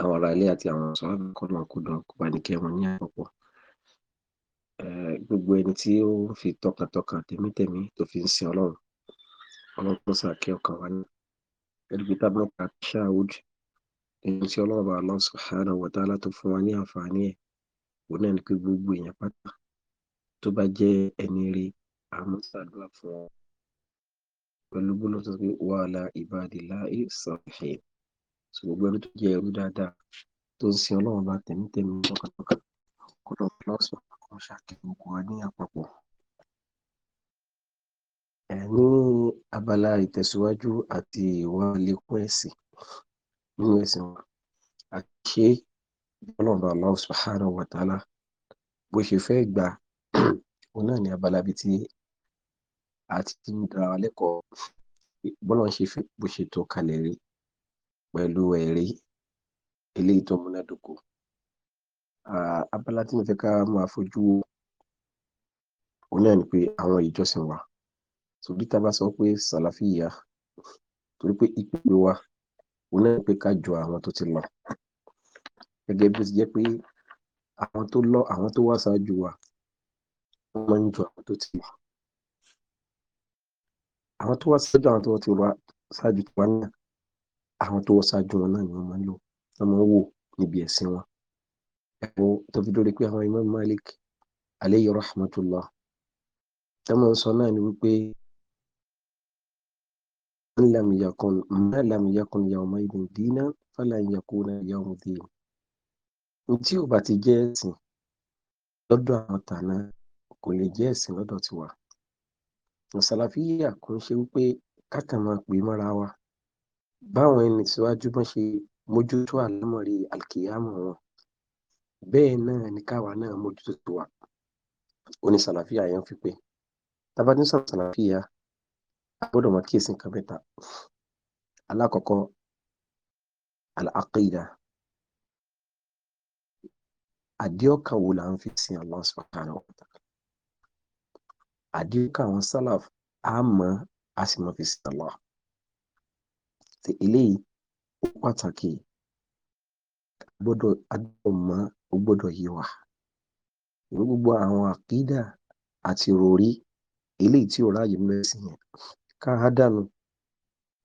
àwọn ará ilé àti àwọn sọ̀rọ̀ kọ́nà kúndùn kó bá ní kẹ́ wọn ní àpapọ̀ gbogbo ẹni tí ó ń fi tọkàntọkàn tẹ̀mítẹ̀mí tó fi ń sin ọlọ́run ọlọ́run tó sàkẹ́ ọkàn wa ní ẹ̀dùgbé tábìlì pàṣẹ àwùjọ ẹni tí ọlọ́run bá Allah subhanahu wa ta'ala tó fún wa ní àǹfààní ẹ̀ òun náà ni pé gbogbo èèyàn pátá tó bá jẹ́ ẹni rí àmúṣàdúrà fún ọ pẹ̀lú gbólóhùn pé wàhálà ibadillahi salihin sọ gbogbo ẹni tó jẹ́ ẹrú dáadáa tó ń sin ọlọ́run bá tẹ̀mítẹ̀mí tọkàntọkàn kó lọ bí lọ́sàn kan ṣàkíyèsí gbogbo wa ní àpapọ̀. ẹ ní abala ìtẹ̀síwájú àti ìwà àlékún ẹ̀sìn nínú ẹ̀sìn wa àṣé ọlọ́run bá Allah subhanahu wa ta'ala bó ṣe fẹ́ gbà òun náà ní abala bíi ti àti ti ń dara wa lẹ́kọ̀ọ́ bọ́lá ń ṣe bó ṣe tó kalẹ̀ rí pẹ̀lú ẹ̀rí eléyìí tó múnádóko abala tí mo fẹ́ ká máa fojú wo òun náà ni pé àwọn ìjọsìn wa torí tá a bá sọ pé sàlàfíà torí pé ìpínlẹ̀ wa òun náà pé ká jọ àwọn tó ti lọ gẹ́gẹ́ bí ó ti jẹ́ pé àwọn tó lọ àwọn tó wá ṣáájú wa wọ́n máa ń jọ àwọn tó ti lọ àwọn tó wá ṣáájú àwọn tó ti wá ṣáájú tiwa náà àwọn tó wọ́n ṣáájú wọn náà ni wọ́n máa ń lò wọ́n máa ń wò níbi ẹ̀sìn wọn. ẹ̀wọ́ tó fi dórí pé àwọn Imam Malik aleyhi rahmatullah tó máa ń sọ náà ni wípé man lam yakun ma lam yakun yawmaydin dinan falan yakuna yawm din. tí ò bá ti jẹ́ ẹ̀sìn lọ́dọ̀ àwọn tànà kò lè jẹ́ ẹ̀sìn lọ́dọ̀ tiwa. Sàlàfíyà kò ń ṣe wípé kákan máa pè mọ́ra wa báwọn ẹni síwájú bọ́n ṣe mójútó àlámọ̀rí alkiyamọ̀ wọn bẹ́ẹ̀ náà ni káwa náà mójútó tó wà ó ní sàlàfíà yẹn fi pé tábàdí sàlàfíà gbọ́dọ̀ mọ kíyèsí nǹkan mẹ́ta alákọ̀ọ́kọ́ al-aqida wo là ń fi sin Allah subhanahu wa ta'ala àdíọ́kàn àwọn sálàf àmọ́ a sì mọ̀ fi sin Allah tí eléyìí ó pàtàkì gbọ́dọ̀ àdọ̀mọ́ ó gbọ́dọ̀ yé wa ní gbogbo àwọn àkídà àti ròrí eléyìí tí ò ráàyè mú ẹsìn yẹn ká á dànù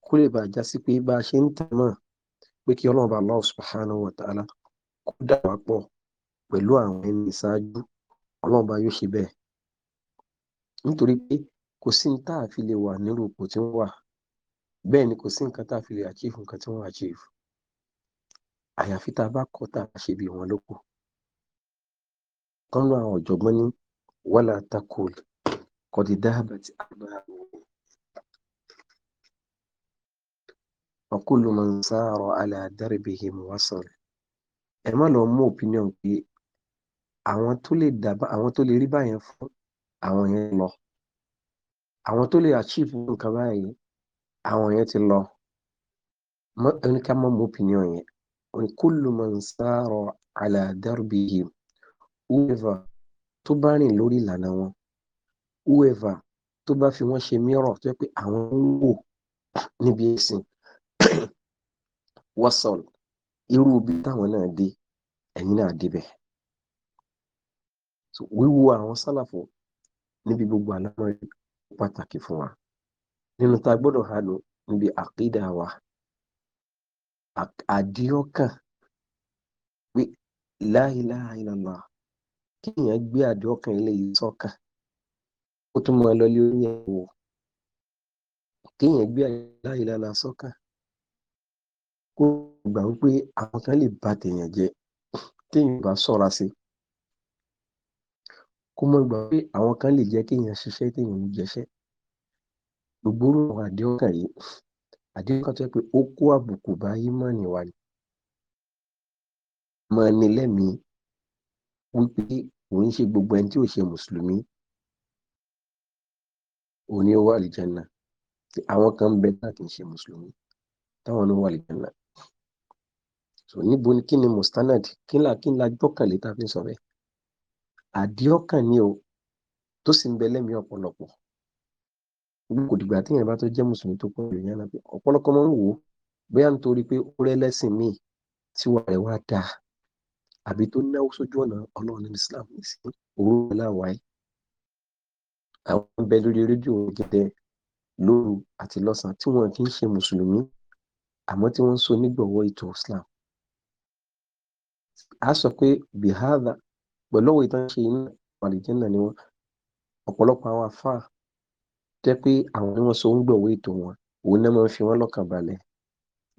kó lè bàa já sí pé bá a ṣe ń tàn náà pé kí ọlọ́run bá wa ta'ala kó dà wá pọ̀ pẹ̀lú àwọn ẹni ìṣáájú ọlọ́run bá yóò ṣe bẹ́ẹ̀ nítorí bẹ́ẹ̀ ni kò sí nǹkan tá a fi lè achieve nǹkan tí wọ́n achieve àyàfi tá a bá kọ́ tá a ṣe bí wọn lóko tọ́nú àwọn ọ̀jọ̀gbọ́n ní wàhálà takol kọ́dí dáhàbà tí a bá ọkùnrin ló máa ń sáárọ̀ alẹ́ àdárẹ́bẹ̀hì wọ́n sọ̀rọ̀ ẹ má lọ mú opinion pé àwọn tó lè rí báyẹn fún àwọn yẹn lọ àwọn tó lè achieve nǹkan báyìí àwọn yẹn ti lọ ẹni ká mọ́ mú opinion yẹn wọn ni kullu man sara ala darbihim whoever tó bá rìn lórí ìlànà wọn whoever tó bá fi wọ́n ṣe mìíràn tó yẹ pé àwọn ń wò níbi ẹ̀sìn wasal irú bí táwọn náà dé ẹ̀yin náà débẹ̀ wíwo àwọn sálàfọ̀ níbi gbogbo àlámọ́ pàtàkì fún wa nínú tá a gbọ́dọ̀ hànú níbi àkídà wa àdíọ́kàn pé la ilaha illallah kíyàn gbé àdíọ́kàn ilé yìí sọ́kàn ó tún máa lọlé oníyàwó kíyàn gbé la ilaha illallah sọ́kàn kó gbà wípé àwọn kan lè ba tèèyàn jẹ téèyàn bá ṣọ́ra sí kó mọ̀ gbà pé àwọn kan lè jẹ́ kéèyàn ṣiṣẹ́ téèyàn ń jẹṣẹ́ gbogbo irú àwọn àdéhùnkàn yìí àdéhùnkàn tó jẹ́ pé ó kó àbùkù bá ímọ̀nì wa ni máa ní lẹ́mìí wípé kò ń ṣe gbogbo ẹni tí ò ṣe mùsùlùmí òní ó wà àlìjánà àwọn kan ń bẹ náà kì í ṣe mùsùlùmí táwọn ló wà àlìjánà so níbo ni kí ni mustanad kí ni kí ni la gbọ́kànlé tá a fi ń sọ bẹ́ẹ̀ àdéhùnkàn ni o tó sì ń bẹ lẹ́mìí ọ̀pọ̀lọpọ̀ kò dìgbà tí èèyàn bá tó jẹ́ mùsùlùmí tó pọ̀ lóyún àná ọ̀pọ̀lọpọ̀ máa ń wò ó bóyá nítorí pé ó rẹ́ lẹ́sìn míì tí wà rẹ̀ wá dáa àbí tó náwó sójú ọ̀nà ọlọ́run ní Islam nísìnyí òwúrọ̀ láwàáyé àwọn ń bẹ lórí rédíò gẹ́gẹ́ lóru àti lọ́sàn tí wọ́n kì í ṣe mùsùlùmí àmọ́ tí wọ́n ń so nígbọ̀wọ́ ètò Islam a sọ pé bihada pẹ̀lú òwe tán ṣe ni wọ́n ọ̀pọ̀lọpọ̀ àwọn afáà jẹ́ pé àwọn ni wọ́n so ń gbọ̀wọ́ ètò wọn òun náà máa ń fi wọ́n lọ́kàn balẹ̀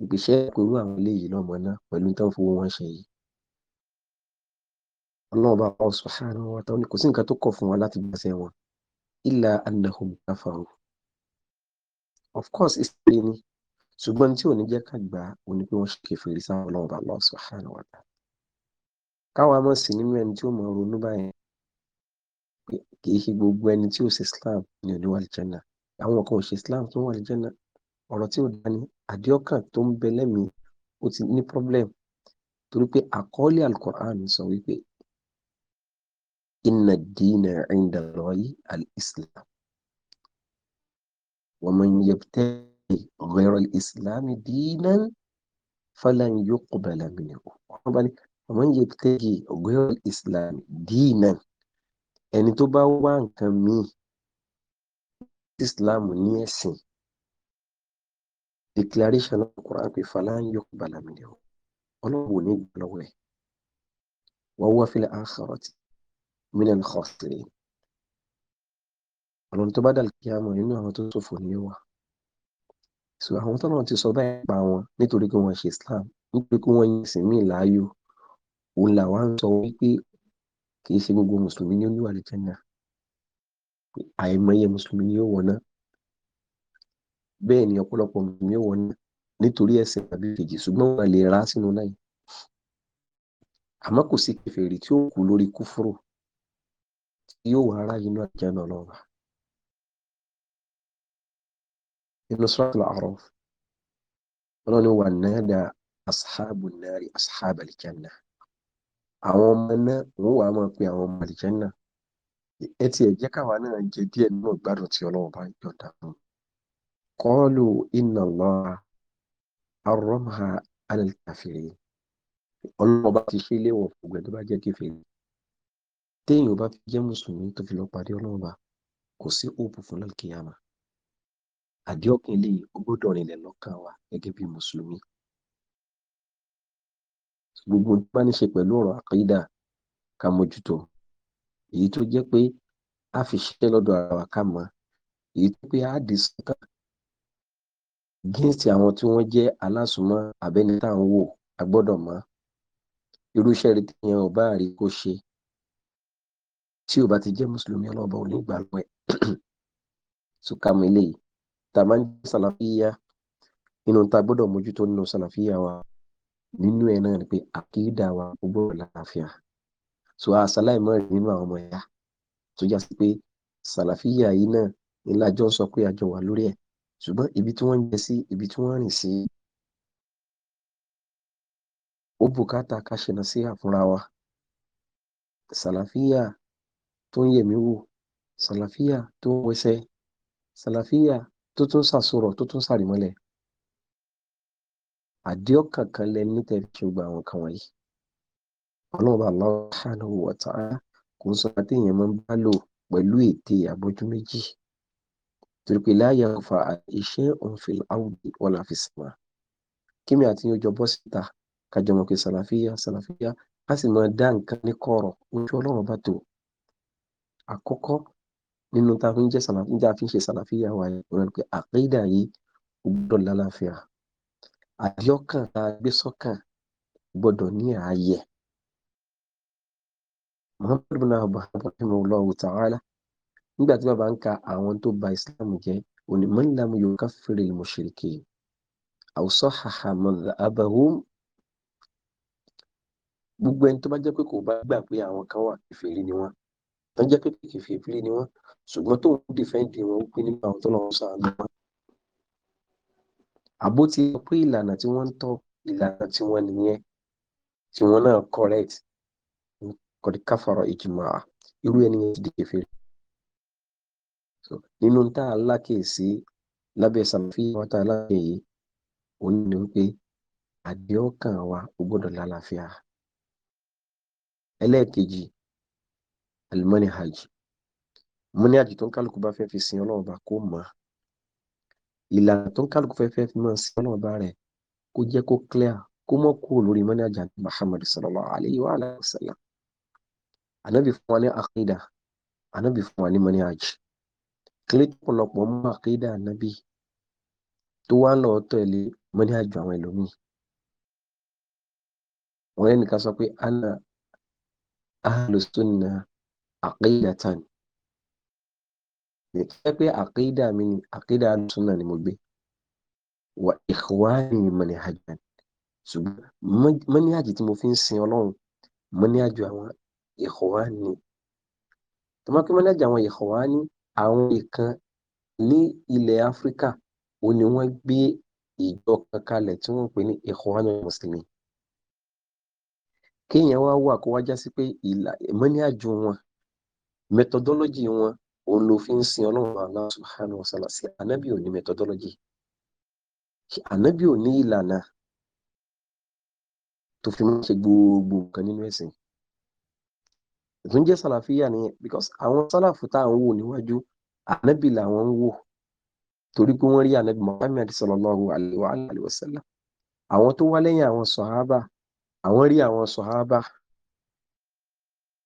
ìgbésẹ̀ ìpérú àwọn eléyìí lọ́mọ náà pẹ̀lú tó ń fowó wọn ṣe yìí. ọlọ́run bá wọn sọ sáànù wọn tán ni kò sí nǹkan tó kọ̀ fún wọn láti gbọ́sẹ̀ wọn illa annahum kafaru. of course ìsèlè ni ṣùgbọ́n tí ò ní jẹ́ ká gbà ó ní pé wọ́n ṣe kèfèrí sáwọn ọlọ́run bá wọn sọ sáànù wọn tán. káwọn amọ̀ sí nínú ẹni tí ó mọ̀ ronú báyẹn kì í ṣe gbogbo ẹni tí ò ṣe Islam ni ò ní wà àlìjánà àwọn kan ò ṣe Islam tó ń wà àlìjánà ọ̀rọ̀ tí ò dání àdéhọ́kàn tó ń bẹ lẹ́mìí ó ti ní problem torí pé àkọọ́lẹ̀ alukur'an sọ wípé inna ad-dina 'inda Allahi al-Islam wa man yabtaghi ghayra al-Islam dinan falan yuqbala minhu ọ̀rọ̀ bá ní wa man yabtaghi ghayra al-Islam dinan ẹni tó bá wá nǹkan míì tí islam ní ẹ̀sìn declaration of quran pé falan yuqbala minhu ọlọ́run ò ní gbà lọ́wọ́ ẹ̀ wọ́n wá fil akhirati minal khasirin ọlọ́run tó bá dàlù kí á mọ̀ nínú àwọn tó ṣòfò ní wà so àwọn tó náà ti sọ báyìí pa wọn nítorí pé wọ́n ṣe islam nítorí pé wọ́n yin ìsìn láàyò òun làwọn sọ wípé kì í ṣe gbogbo mùsùlùmí ni ó ní wà ní jẹ́nà àìmọye mùsùlùmí ni ó wọ̀ náà bẹ́ẹ̀ ni ọ̀pọ̀lọpọ̀ mùsùlùmí ó wọ̀ náà nítorí ẹ̀sìn tàbí kejì ṣùgbọ́n wọn lè rà á sínú náà àmọ́ kò sí kèfèrí tí ó kú lórí kúfúrò tí yóò wà ara inú àjẹnà lọ́wọ́ inú suratul A'raf ọlọ́ni wà náà dá aṣáàbù náà rí aṣáàbù àwọn ọmọ náà wọn wàá máa pe àwọn ọmọ àlìjẹ́ náà ẹ ti ẹ̀ jẹ́ káwa náà jẹ díẹ̀ nínú ìgbádùn tí bá iná bá ti ṣe ilé wọ̀ fún ọgbẹ́ bá jẹ́ kẹfẹ́rẹ́ téèyàn bá fi jẹ́ mùsùlùmí tó fi lọ pàdé ọlọ́run bá kò sí òòpù gbogbo tó bá ní ṣe pẹ̀lú ọ̀rọ̀ àkídà ká mójútó èyí tó jẹ́ pé a fi ṣiṣẹ́ lọ́dọ̀ ara wa ká mọ̀ èyí tó pé a dì sọ́kàn gíǹsì àwọn tí wọ́n jẹ́ alásùnmọ́ abẹ́ni tá à ń wò a gbọ́dọ̀ mọ̀ irúṣẹ́ rẹ̀ tí yẹn rí kó ṣe tí ò bá ti jẹ́ mùsùlùmí ọlọ́ọ̀bá ò ní gbà lọ́wọ́ ẹ̀ sùkàmù eléyìí tá a máa ń jẹ́ sàlàfíà nínú tá gbọ́dọ̀ mójútó nínú sàlàfíà wa nínú ẹ̀ náà ni pé àkídà wa ó gbọ́dọ̀ láàfíà so àṣàláì mọ́ nínú àwọn ọmọ ẹ̀yà tó já sí pé sàlàfíà yìí náà ńlá jọ ń sọ pé àjọ wà lórí ẹ̀ ṣùgbọ́n ibi tí wọ́n ń jẹ sí ibi tí wọ́n ń rìn sí ó bùkátà ká sí àfúnra wa sàlàfíà tó ń yẹ̀mí wò sàlàfíà tó ń wẹsẹ̀ sàlàfíà tó tún sàsọ̀rọ̀ tó tún sàrìmọ́lẹ̀ àdéhùn kan lẹ ní tẹ̀ fi gba àwọn kan wọ̀nyí ọlọ́run Allah subhanahu wa ta'ala kò ń sọ pé èèyàn máa ń bá lò pẹ̀lú ète àbójú méjì torí pé láàyè ọ̀fà iṣẹ́ òǹfil áwùdí wala fi sàmà kíni àti ọjọ́ bọ́ síta kájọmọ̀ pé sàlàfíà sàlàfíà a sì máa dá nǹkan ní kọ̀rọ̀ ojú ọlọ́run bá tó àkọ́kọ́ nínú tá a fi ń ṣe sàlàfíà wa yẹn pé àkídà yìí ó gbọ́dọ̀ lálàáfíà àdéhọ́kàn tá a gbé sọ́kàn gbọ́dọ̀ ní ààyè. muhammadu bin abdullahi rahimahullahu ta'ala nígbà tí bàbá ń ka àwọn tó ba islam jẹ́ onímọ̀ ńlámù yóò ká fèrè mushrikin àwùsọ hahamadu abahum gbogbo ẹni tó bá jẹ́ pé kò bá gbà pé àwọn kan wà kèfèrí ni wọ́n tó jẹ́ pé kèfèrí ni wọ́n ṣùgbọ́n tó ń dìfẹ́ǹdì wọn ó pín nípa àwọn tó lọ́wọ́ sọ àgbà àbó ti sọ pé ìlànà tí wọ́n ń tọ̀ ìlànà tí wọ́n nìyẹn tí wọ́n náà correct kọ̀dí káfàrọ̀ ìjìmọ̀ à irú ẹni yẹn ti di kèfèrí. nínú tá a lákèsí lábẹ́ sàmúfíà wọn tá a lákè yìí òun ni wípé àdéhùnkàn wa ó gbọ́dọ̀ lálàáfíà. ẹlẹ́ẹ̀kejì alimọ́ni hajj mọ́ni hajj tó ń kálukú bá fẹ́ fi sin ọlọ́run bá kó mọ́ ọ ìlànà tó ń kálukú fẹ́fẹ́ fi máa sin ọlọ́run bá rẹ̀ kó jẹ́ kó clear kó mọ́ kúrò lórí mọ́ni àjà muhammad sallallahu alayhi wa alayhi wa sallam anabi fún wa ní akida anabi fún wa ní mọ́ni àjì kílé pọ̀lọpọ̀ mú akida anabi tó wá lọ tẹ̀lé mọ́ni àjò àwọn ẹlòmíì wọ́n yẹn nìkan sọ pé ana ahlu sunna aqidatan lè fẹ́ pé àkéédà mi ni àkéédà sunna ni mo gbé wà ìhùwáàní mọ̀nìhàjà ṣùgbọ́n mọ́níhàjì tí mo fi ń sin ọlọ́run mọ́níhàjì àwọn ìhùwáàní tọ́mọ́kí mọ́níhàjì àwọn ìhùwáàní àwọn ìkan ní ilẹ̀ áfíríkà ó ní wọ́n gbé ìjọ kan tí wọ́n pè ní ìhùwáàní mùsùlùmí kéèyàn wá wà kó wá já sí pé mọ́níhàjì wọn methodology wọn òun ló fi ń sin ọlọ́run Allah subhanahu wa ta'ala sí ànábì ò ní methodology ànábì ò ní ìlànà tó fi máa ń ṣe gbogbo nǹkan nínú ẹ̀sìn ìtún jẹ́ sàlàfíà nìyẹn because àwọn sàlàfù tá à ń wò níwájú ànábì làwọn ń wò torí pé wọ́n rí ànábì Muhammad sallallahu alayhi wa sallam àwọn tó wá lẹ́yìn àwọn sọ̀hábà àwọn rí àwọn sọ̀hábà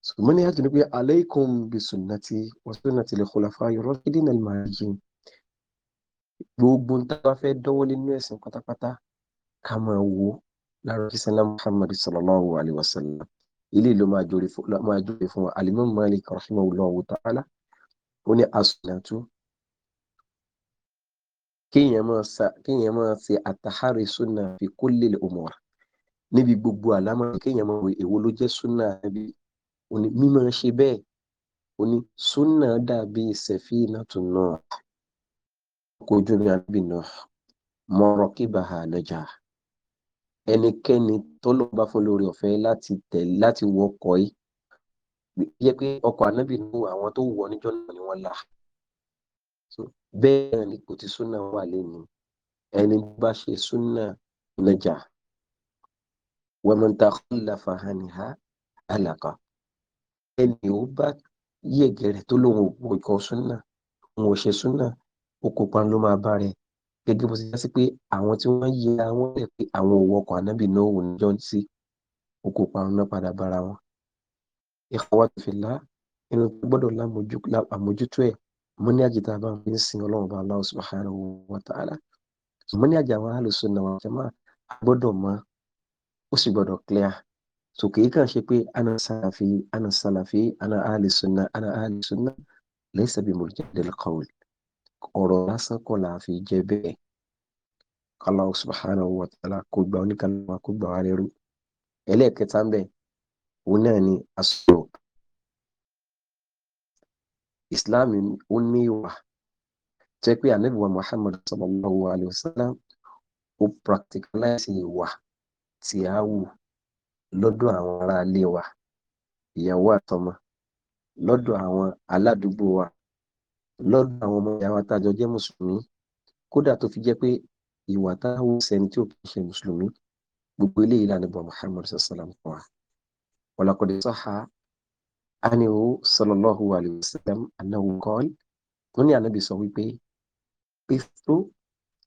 sùmọ́ni yàtọ̀ ni pé aleikum bi sunnati wa sunnati lil khulafa'i rashidin al-mahdiyyin gbogbo tá a bá fẹ́ dọ́wọ́ lé nínú ẹ̀sìn pátápátá ká máa wo lára kí sẹ́lá muhammad sallallahu alayhi wa sallam ilé ló máa jòrè fún wa alimam malik rahimahullahu ta'ala ó ní as kéèyàn máa ṣe àtàhárí sunna fi kulli al-umur níbi gbogbo àlámọ̀ kéèyàn máa wo èwo ló jẹ́ sunna níbi òní mímọ ṣe bẹ́ẹ̀ òní súnà dàbí safinatun Nuh ọkọ̀ ojú omi àbí Nuh marakibaha najah ẹnikẹ́ni tọ́lọ́ bá fún lórí ọ̀fẹ́ láti tẹ̀ láti wọ ọkọ̀ yìí yẹ pé ọkọ̀ ànábì ní àwọn tó wọ̀ níjọ́ náà ni wọ́n là bẹ́ẹ̀ ni kò ti súnà wà lẹ́nu ẹni bá ṣe súnà najah wa man takhallafa anha halaka ẹni ò bá yẹ̀gẹ̀rẹ̀ tó lóun ò kọ́ súnà òun ò ṣe súnà okùnpa ló máa bá rẹ̀ gẹ́gẹ́ bó ti já sí pé àwọn tí wọ́n yẹ àwọn rẹ̀ pé àwọn òwò ọkọ̀ ànábì náà ò níjọ́ sí okùnpa náà padà bára wọn. ìfọwọ́ ti fi lá inú tó gbọ́dọ̀ lámójútó ẹ̀ mo ní àjẹtà bá mi ń sin ọlọ́run bá Allah subhanahu wa ta'ala mo ní àjẹ àwọn ahlus sunnah wal jamaa a gbọ́dọ̀ mọ́ ó sì gbọ́dọ̀ clear so kì í kàn ṣe pé ana salafi ana salafi ana ahli sunna ana ahli sunna laysa bi murjadil qawl ọ̀rọ̀ lásán kọ́ la fi jẹ́ bẹ́ẹ̀ Allah subhanahu wa ta'ala kó gba oníkàlùmọ́ kó gba wa ń bẹ̀ òun náà ni asọ̀rọ̀ Islam ó ní ìwà jẹ́ pé Ànábì wa sallallahu alayhi wa sallam ó practicalize ìwà tí a wù lọ́dọ̀ àwọn ará ilé wa ìyàwó àtọmọ lọ́dọ̀ àwọn aládùúgbò wa lọ́dọ̀ àwọn ọmọ ìyá wa tá a jọ jẹ́ mùsùlùmí kódà tó fi jẹ́ pé ìwà táwọn sẹ́ni tí ó kì í ṣe mùsùlùmí gbogbo eléyìí lànà bọ̀ Muhammad sallam fún wa wàlàkọ̀dé sọ́ha aniwo sallallahu alayhi wa sallam anahu kọ́ọ̀lì wọ́n ní ànábì sọ wípé pífú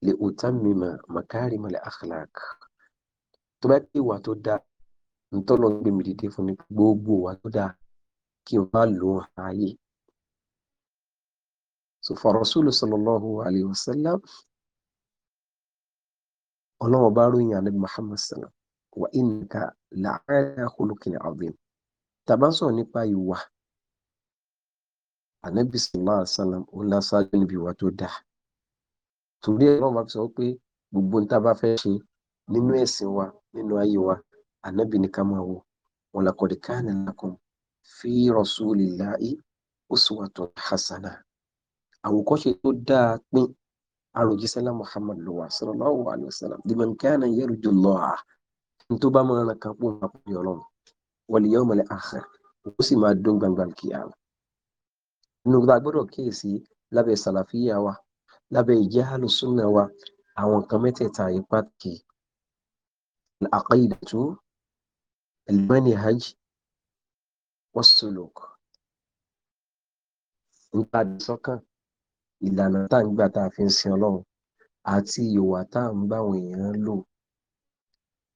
lè ò tá mímọ̀ màkárìmọ̀ lè akhlaq tó bá pé ìwà tó dáa ntọ́lọ́ gbé mi dìde fún mi gbogbo wa tó dáa kí o má lò ó ààyè. so fa Rasulu sallallahu alayhi wa sallam ọlọ́wọ́ bá ròyìn ànábì Muhammad sallam wa innaka la'ala khuluqin azim tàbá sọ̀rọ̀ nípa ìwà ànábì sallallahu alayhi wa sallam ó ń lásáájú níbi ìwà tó dáa torí ẹ̀ lọ́wọ́ bá sọ pé gbogbo ní tá a bá fẹ́ ṣe nínú ẹ̀sìn wa nínú ayé wa ànábì ní ká máa wò wọn làkọ̀dé káàní lakum fi rasulillahi uswatun hasana àwòkọ́ṣe tó dáa pín àròjísẹ́lá muhammad lọ́wọ́ sallallahu alaihi wasallam liman kana yarjullaha tó bá máa ràn kan pọ̀ máa pọ̀ ọlọ́run wal yawmal akhir ó sì máa dún gbangba kíyàmá inú ta gbọ́dọ̀ kíyèsí lábẹ́ sàlàfíà wa lábẹ́ ìjẹ́ àlùsùnà wa àwọn nǹkan mẹ́tẹ̀ẹ̀ta yìí pàtàkì al المنهج والسلوك nípa àdìsọ́kàn ìlànà tá ń gbà tá a fi ń sin ọlọ́run àti ìwà tá à ń bá àwọn èèyàn lò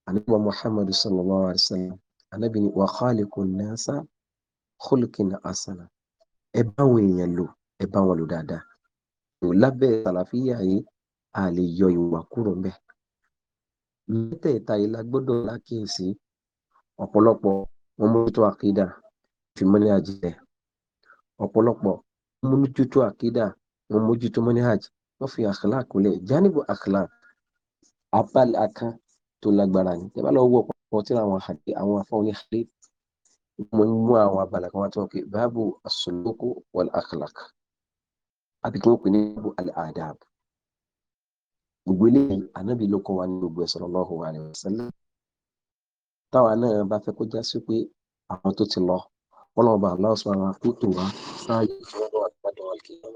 ànábì muhammad sallallahu alayhi wa sallam ànábì ni wa khaliqun nasa khulqin hasana ẹ bá àwọn èèyàn lò ẹ bá wọn lò dáadáa lábẹ́ sàlàfíà yìí a lè yọ ìwà kúrò ńbẹ̀ mẹ́tẹ̀ẹ̀ta yìí la gbọ́dọ̀ lákìyèsí ọ̀pọ̀lọpọ̀ wọn mójútó àkídà fi mọ́lẹ̀ àjílẹ̀ ọ̀pọ̀lọpọ̀ wọn mójútó àkídà wọn mójútó mọ́lẹ̀ àjí wọ́n fi àkàlà àkúlẹ̀ jánìbù àkàlà abala kan tó lágbára ni tẹ́ bá lọ wọ ọ̀pọ̀ tí àwọn àwọn afọ́n ní àlẹ́ mo ń mú àwọn abala kan wá tí wọ́n pè báàbù as-suluku wal akhlaq àbí kí wọ́n pè ní báàbù al-adab gbogbo eléyìí anábì ló kọ́ wa ní gbogbo ẹ̀ sallallahu alaihi wasallam táwa náà bá fẹ́ kó já sí pé àwọn tó ti lọ ọlọ́run bá aláwọ̀ sọ ara kó tó wá sáàyè fún ọ̀rọ̀ àgbàdo àkíyàn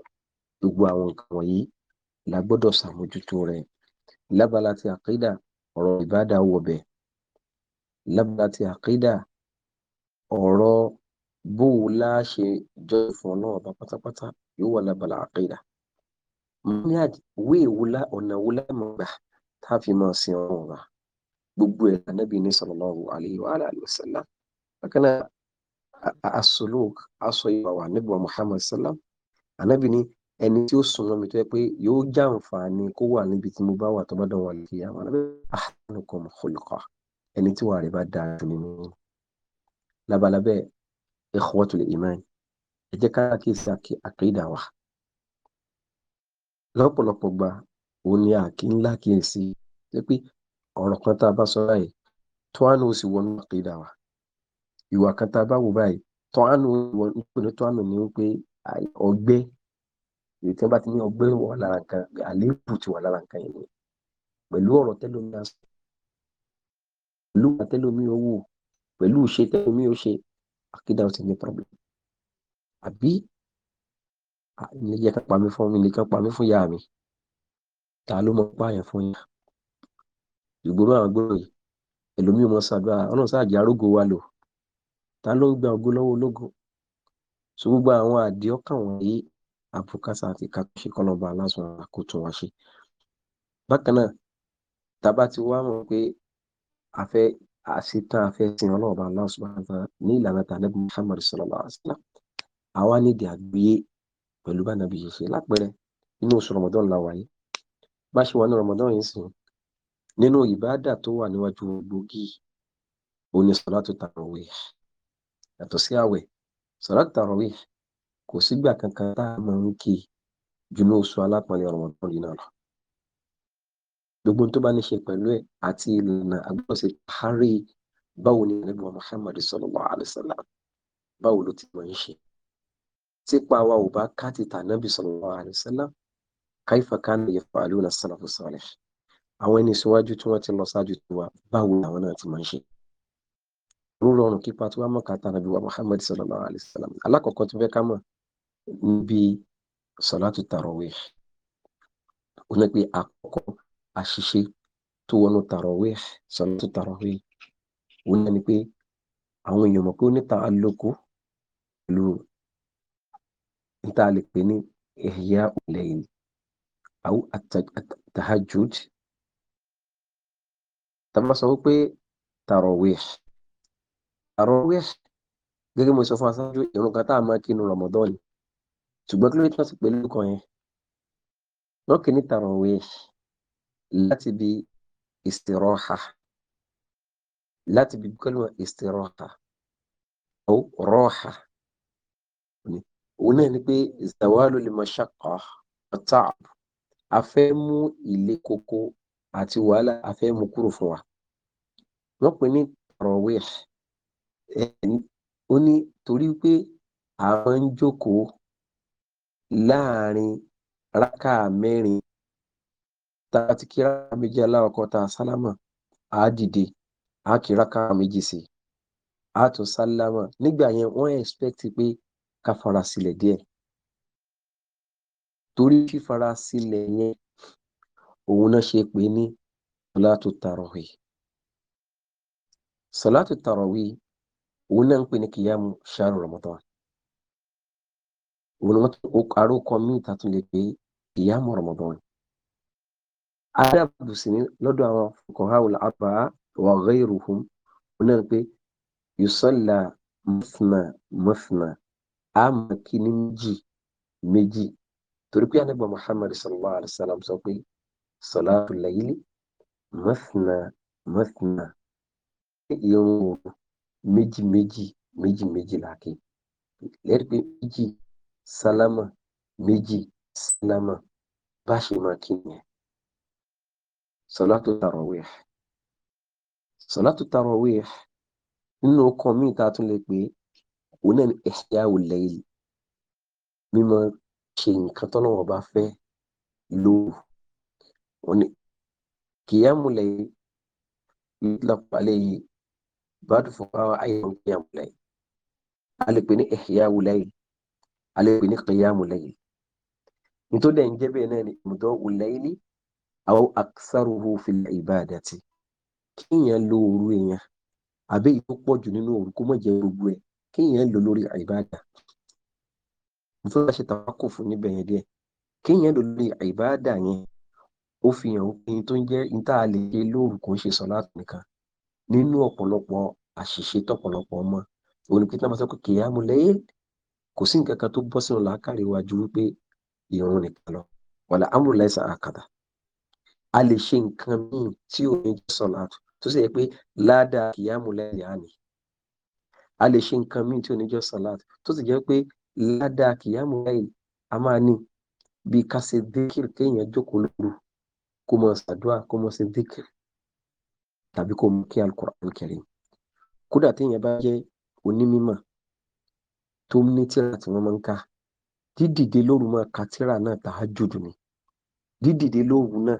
gbogbo àwọn nǹkan wọ̀nyí la gbọ́dọ̀ ṣàmójútó rẹ̀ lábala ti àkídà ọ̀rọ̀ ìbádà wọ̀bẹ̀ lábala ti àkídà ọ̀rọ̀ bó o láṣẹ jọ fún ọ náà bá pátápátá yóò wà lábala àkídà mọ́mí àdìwé ìwúlá ọ̀nà ìwúlá mọ̀gbà tá a fi máa sin ọ̀rọ̀ ọ̀rọ̀ gbogbo ẹ̀ anábì ní sallallahu alayhi wa alihi wa sallam bákan náà asolóòk aṣọ ìwà wà níbi wa Muhammad sallam anábì ní ẹni tí ó súnmọ́ mi tó yẹ pé yóò jàǹfààní kó wà níbi tí mo bá wà tó bá dán wà lókè àwọn anábì ahsanukum khuluqa ẹni tí wàá rẹ̀ bá dáa jù nínú labalábẹ́ ikhwatul iman ẹ jẹ́ ká kíyèsí àkídà wa lọ́pọ̀lọpọ̀ gba òun ni àkí ńlá kíyèsí pé ọ̀rọ̀ kan tá a bá sọ báyìí tọ́hánù ó sì wọnú àkídà wa ìwà kan tá a bá wò báyìí tọ́hánù ìpinnu tọ́hánù ni wípé ọgbẹ́ èyí tí wọ́n bá ti ní ọgbẹ́ wà lára nǹkan àléébù ti wà lára nǹkan yìí pẹ̀lú ọ̀rọ̀ tẹ́lómi aṣọ pẹ̀lú àtẹ́lómi owó pẹ̀lú ìṣe tẹ́lómi ó ṣe àkídà ó ti ní problem àbí ilé yẹ ká pa mí fún mi ilé ká pa mí fún yàrá mi ta ló mọ pààyàn fún yàrá ìgboro àwọn gbọ́dọ̀ yìí ẹlòmíì mọ ṣàdúrà ọlọ́run ṣáàjì arógo wa lò ta ló gba ògo lọ́wọ́ ológun so gbogbo àwọn àdé ọkàn wọ̀nyí àbùkásà àti kàkúṣe kọlọba aláṣọra àkótó wa ṣe bákan náà tábà ti wá mọ̀ pé àfẹ àṣetán àfẹ sin ọlọ́ọ̀ba aláṣọra ní ìlànà tàlẹ́bù Muhammad sallallahu alaihi wasallam àwa nídìí àgbéyé pẹ̀lú bá nàbí ṣe ṣe lápẹẹrẹ nínú oṣù Ramadan la wáyé bá ṣe wà ní Ramadan yìí sìn nínú ìbáàdà tó wà níwájú gbòógì òun ni sọlátù tàràwíì yàtọ̀ sí àwẹ̀ sọlátù tàràwíì kò sígbà kankan tá a máa ń kí jùlọ oṣù alápọ̀nlé ọ̀rọ̀ ọ̀dọ́ yìí náà lọ. gbogbo tó bá ní ṣe pẹ̀lú ẹ̀ àti ìlànà agbọ́sẹ̀ parí báwo ni ànábì Muhammad sallallahu alaihi wasallam báwo ló ti máa ń ṣe. típa wa ò bá ká ti tà nábì sallallahu alaihi wasallam kaifa kana yaf'aluna as-salafu àwọn ẹni síwájú tí wọ́n ti lọ ṣáájú tiwa báwo làwọn náà ti máa ń ṣe rúrọrùn kípa tí wàá mọ̀ kàtà nàbí wa Muhammad sallallahu alayhi wa sallam alákọ̀ọ́kọ́ tí fẹ́ ká mọ̀ níbi sọ̀látù tarawih ó ní pé àkọ́kọ́ àṣìṣe tó wọnú tarawih sọ̀látù tarawih ó ní pé àwọn èèyàn mọ̀ pé ó ní ta alóko pẹ̀lú níta lè pè ní ihya ul àwọn tahajjud tá a bá sọ wípé tarawih tarawih gẹ́gẹ́ mo sọ fún aṣáájú ìrun kan tá a máa kínu Ramadan ni ṣùgbọ́n kí ló tún sí pẹ̀lú kan yẹn wọ́n kì í ní tarawih láti bi istiraha láti bi kọ́lùmọ̀ istiraha ó rọ́ha òun náà ni pé zawalu lil mashaqqa wa ta'ab mú ilé koko àti wàhálà afẹ́ mú kúrò fún wa wọ́n pè ní tarawih ó ní torí pé àwọn ń jókòó láàrin rákà mẹ́rin tá a ti kí rákà méjì aláwọ̀kọ́ tá a sálámà á dìde á kí rákà méjì sí á tún sálámà nígbà yẹn wọ́n expect pé ká fara sílẹ̀ díẹ̀ torí fífara sílẹ̀ yẹn òun náà ṣe pé ní sọlátù tàrọ̀wì sọlátù tàrọ̀wì òun náà ń pè ní kìyàmù ṣáàrù Ramadan òun náà arókọ míì tàtún lè pé kìyàmù Ramadan adábù sí ni lọ́dọ̀ àwọn fuqaha'ul arba'a wa ghayruhum òun náà ń pè yusalla mọ́fìnà mọ́fìnà á mọ̀ kí ní méjì méjì torí pé anábà Muhammad sallallahu alayhi wa sallam sọ pé sọ̀látù láyìlì mọ́sánà mọ́sánà irun òru méjì méjì méjì méjì làákè lẹ́rìí pé méjì sálámà méjì sálámà bá ṣe máa kí nìyẹn sọ̀látù tarawih sọ̀látù tarawih nínú ọkọ̀ míì tá a tún lè pè é òun náà ni ihya'ul layl mímọ ṣe nǹkan tọ́lọ́wọ́ bá fẹ́ lóru wọ́n ní kìyàmù lẹ́yìn yutlaqu alayhi ba'du fuqaha ayyan kìyàmù lẹ́yìn a lè pè ní ihya'u lẹ́yìn a lè pè ní kìyàmù lẹ́yìn nítorí ẹ̀ ń jẹ́ bẹ́ẹ̀ náà ni mudọ́ ulaili aw aksaruhu fil ibadati kíyàn lo òru èèyàn àbí èyí tó pọ̀ jù nínú òru kó mọ̀ jẹ́ gbogbo ẹ̀ kíyàn lò lórí ìbáàdà mo fẹ́ bá ṣe tàwọn kò fún níbẹ̀ yẹn díẹ̀ kíyàn lò lórí ìbáàdà yẹn ó fi hàn pé n tó ń jẹ́ n tá a lè ṣe lóru kò ń ṣe sọ̀láàtù nìkan nínú ọ̀pọ̀lọpọ̀ àṣìṣe tọ̀pọ̀lọpọ̀ ọmọ òun ni pé tí wọ́n bá sọ pé kìyàmù lẹ́yìn kò sí nǹkan kan tó bọ́ sínú làákàrè wa ju wípé ìrun nìkan lọ wàlà amúlù láìsà àkàdà a lè ṣe nǹkan míì tí ò ní jẹ́ sọ̀láàtù tó sì yẹ pé ládàá kìyàmù lẹ́yìn àná a lè ṣe nǹkan míì tí ò ní jẹ́ sọ̀láàtù tó sì jẹ́ pé ládàá kìyàmù lẹ́yìn a máa ní bí ká ṣe dékìrì kéèyàn jókòó lóru kó mọ ṣàdúrà kó mọ ṣe díkì tàbí kó mọ kí alukur'an kẹrin kódà téèyàn bá jẹ́ onímọ̀ tó ní tíra tí wọ́n máa ń ka dídìde lóru máa ka tíra náà tàájùdù ni dídìde lóru náà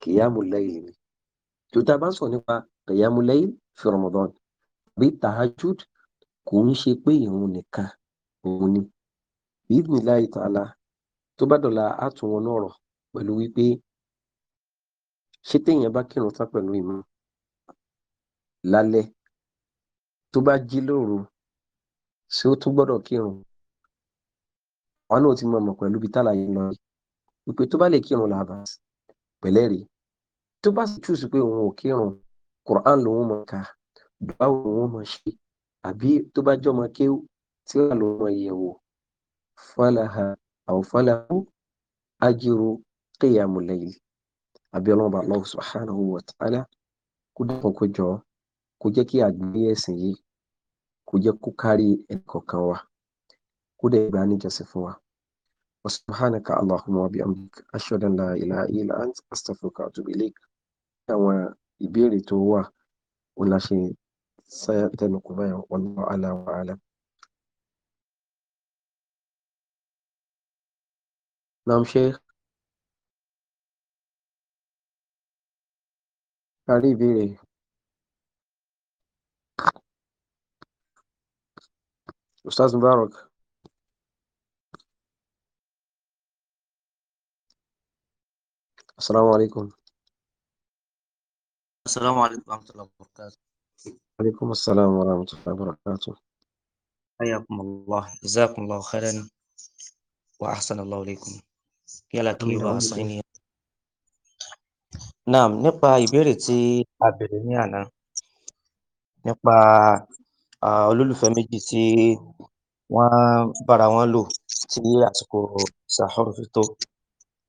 kìyàmù lẹ́yìn ni tó tá a bá ń sọ nípa fi Ramadan bí tàájùdù kò ń ṣe pé ìrun nìkan òun ni bíbélì láì tààlà tó bá dọ̀la á tún wọn náà rọ̀ ṣé téèyàn bá kírun tán pẹ̀lú ìmọ̀ lálẹ́ tó bá jí lóru ṣé ó tún gbọ́dọ̀ kírun wọn náà ti mọ ọmọ pẹ̀lú ibi tálàyé lọ wípé tó bá lè kírun làbà pẹ̀lẹ́ rèé tó bá sì túùsù pé òun ò kírun Quran lòun mọ ká báwo lòun mọ ṣe àbí tó bá jọmọ kéwú tí wà lòun mọ yẹ̀wò falaha àwọn falahu ajiru qiyamul layl abiyọlọ́wọ́n bá Allah subhanahu wa ta'ala kó dákun kó jọ kó jẹ́ kí àgbáyé ẹ̀sìn yìí kó jẹ́ kó kárí ẹnìkọ̀ọ̀kan wa kó dẹ̀ gbà níjọsìn fún wa wa subhanaka allahumma wa bihamdika ashhadu an la ilaha illa anta astaghfiruka wa atubu ilayk àwọn ìbéèrè tó wà ó láṣẹ sẹ́yàtẹ̀nukú báyọ̀ wallahu a'lam wa a'lam. Naam Sheikh. revire أستاذ مبارك السلام عليكم السلام عليكم ورحمة الله وبركاته عليكم السلام ورحمة الله وبركاته حياكم الله جزاكم الله خيرا وأحسن الله إليكم يا لك صحيح Naam, nípa ìbéèrè tí a bèrè ní àná nípa um olólùfẹ́ méjì tí wọ́n bára wọn lò tí àsìkò sàhóòrù fi tó.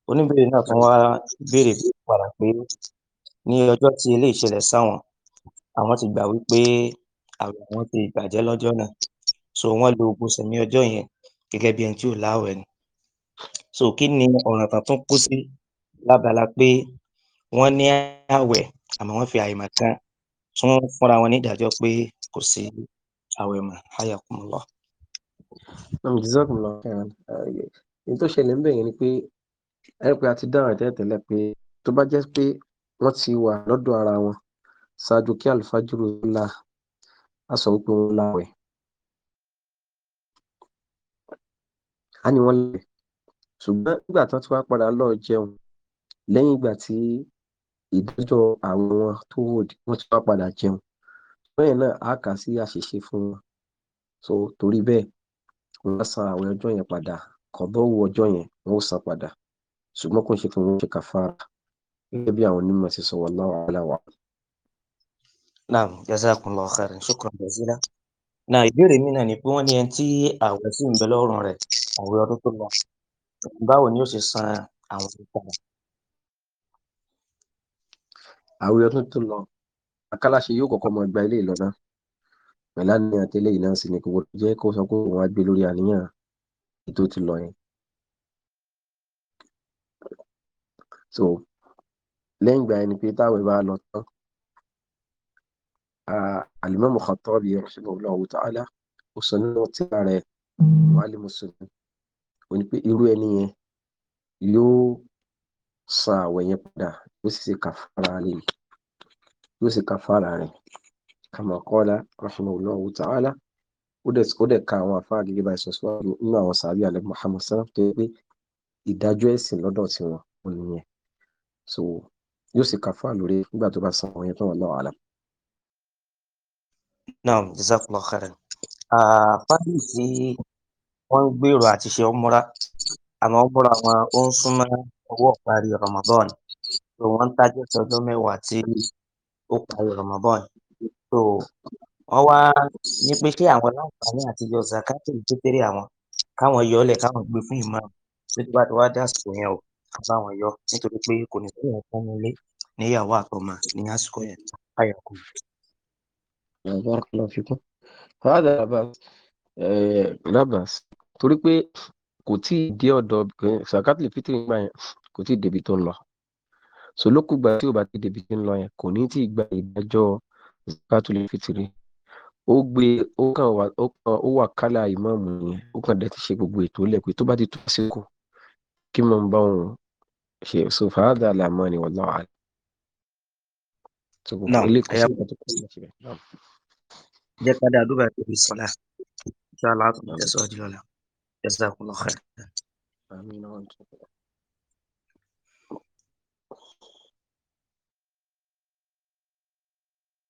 Oníbéèrè náà tún wá béèrè padà pé ní ọjọ́ tí eléyìí ṣẹlẹ̀ sáwọn, àwọn ti gbà wí pé ààwẹ̀ àwọn ti bàjẹ́ lọ́jọ́ náà so wọ́n lo òpin ìsẹ̀mí ọjọ́ yẹn gẹ́gẹ́ bí ẹni tí ò láàwẹ̀ ni. So kí ni ọ̀ràn tán tún kó sí lábala pé wọn ní ààwẹ̀ àmọ́ wọn fi àìmọ̀kan tún fúnra wọn nídàájọ́ pé kò sí ààwẹ̀ mọ́ hayakumullah. jazakumullah khairan ní tó ṣẹlẹ̀ ń bẹ̀ yẹn ni pé ẹ pé a ti dáhùn tẹ́lẹ̀tẹ́lẹ̀ pé tó bá jẹ́ pé wọ́n ti wà lọ́dọ̀ ara wọn ṣáájú kí àlùfájúrò la a sọ wípé wọ́n láwẹ̀. a ní wọ́n láwẹ̀ ṣùgbọ́n nígbà tí wọ́n ti wá padà lọ jẹun lẹ́yìn ìgbà tí ìdájọ́ àwọn tó wòdì wọ́n ti wá padà jẹun bẹ́ẹ̀ náà á kà sí àṣìṣe fún wọn so torí bẹ́ẹ̀ wọ́n san àwẹ̀ ọjọ́ yẹn padà kọ̀bọ́wò ọjọ́ yẹn wọ́n ó san padà ṣùgbọ́n kò ń ṣe fún wọn ṣe kàfàrà gẹ́gẹ́ bí àwọn onímọ̀ ṣe sọ wallahu a'lam wa. naam jazakumullahu khairan shukran jazila náà ìbéèrè mi náà ni pé wọ́n ní ẹni tí àwẹ̀ sì ń bẹ lọ́rùn rẹ̀ àwẹ̀ ọdún tó lọ báwo ni ó ṣe san àwọn ìpadà àwẹ̀ ọdún tó lọ akálàṣe yóò kọ́kọ́ mọ gba ilé ìlọ́nà pẹ̀lú àníyàn tẹ́lẹ̀ yìí náà sì ni kò wọ́n jẹ́ kó sọ pé òun á gbé lórí àníyàn ètò ti lọ yẹn. so lẹ́yìn ìgbà ẹni pé táwọn bá lọ tán Al-Imam Khattabi rahimahullahu ta'ala ó sọ nínú tíra rẹ̀ wàhálì mùsùlùmí ó ní pé irú ẹni yẹn yóò san àwẹ̀ yẹn padà yóò sì ṣe kàfàrà rẹ̀ yóò ṣe kàfàrà rẹ̀ kama qala rahimahullahu ta'ala ó dẹ̀ ó dẹ̀ ka àwọn àfáà gẹ́gẹ́ bá ìsọ̀ síwájú nínú àwọn sàbí alẹ́ Muhammad sallam tó yẹ pé ìdájọ́ ẹ̀sìn lọ́dọ̀ tí wọn ò nìyẹn so yóò sì kàfàrà lórí nígbà tó bá san àwọn yẹn tó wọn náà àlà. naam jazakallah khairan pàdé tí wọ́n ń gbèrò àti ṣe ọmọra àmọ́ ọmọra wọn ó ń súnmọ́ ọwọ́ parí Ramadan so wọ́n ń tájẹ́ sọdún mẹ́wàá tí ó parí Ramadan so wọ́n wá ní pé ṣé àwọn láǹfààní àtijọ́ zakati kékeré àwọn káwọn yọ ọlẹ̀ káwọn gbé fún ìmọ̀ tó tó bá ti wá dásìkò yẹn o báwọn yọ nítorí pé kò ní sí ìwọ̀n fún ilé níyàwó àtọmọ ní àsìkò yẹn ayọkù. barakallahu fikum hada labas labas eh, torí pé kò tí ì dé ọ̀dọ̀ sàkátì lè fìtìrì gbà yẹn kò tí ì débi tó ń lọ so lókùgbà tí ò bá ti débi tó ń lọ yẹn kò ní tí ì gba ìdájọ́ sàkátì lè fìtìrì ó gbé ó kàn wà ó kàn ó wà kálá ìmáàmù yẹn ó kàn dẹ̀ ti ṣe gbogbo ètò lẹ́pẹ́ tó bá ti tó síkù kí mọ̀ ń bá òun ṣe so fàádà làmọ́ ni wọ́n lọ́wọ́ àlẹ́. jẹ́ ká dáa dúbà ìṣọ̀lá ṣáà látọ̀ lọ́sọ̀ọ́ di ọ̀la. جزاکم الله خیر امین وانتم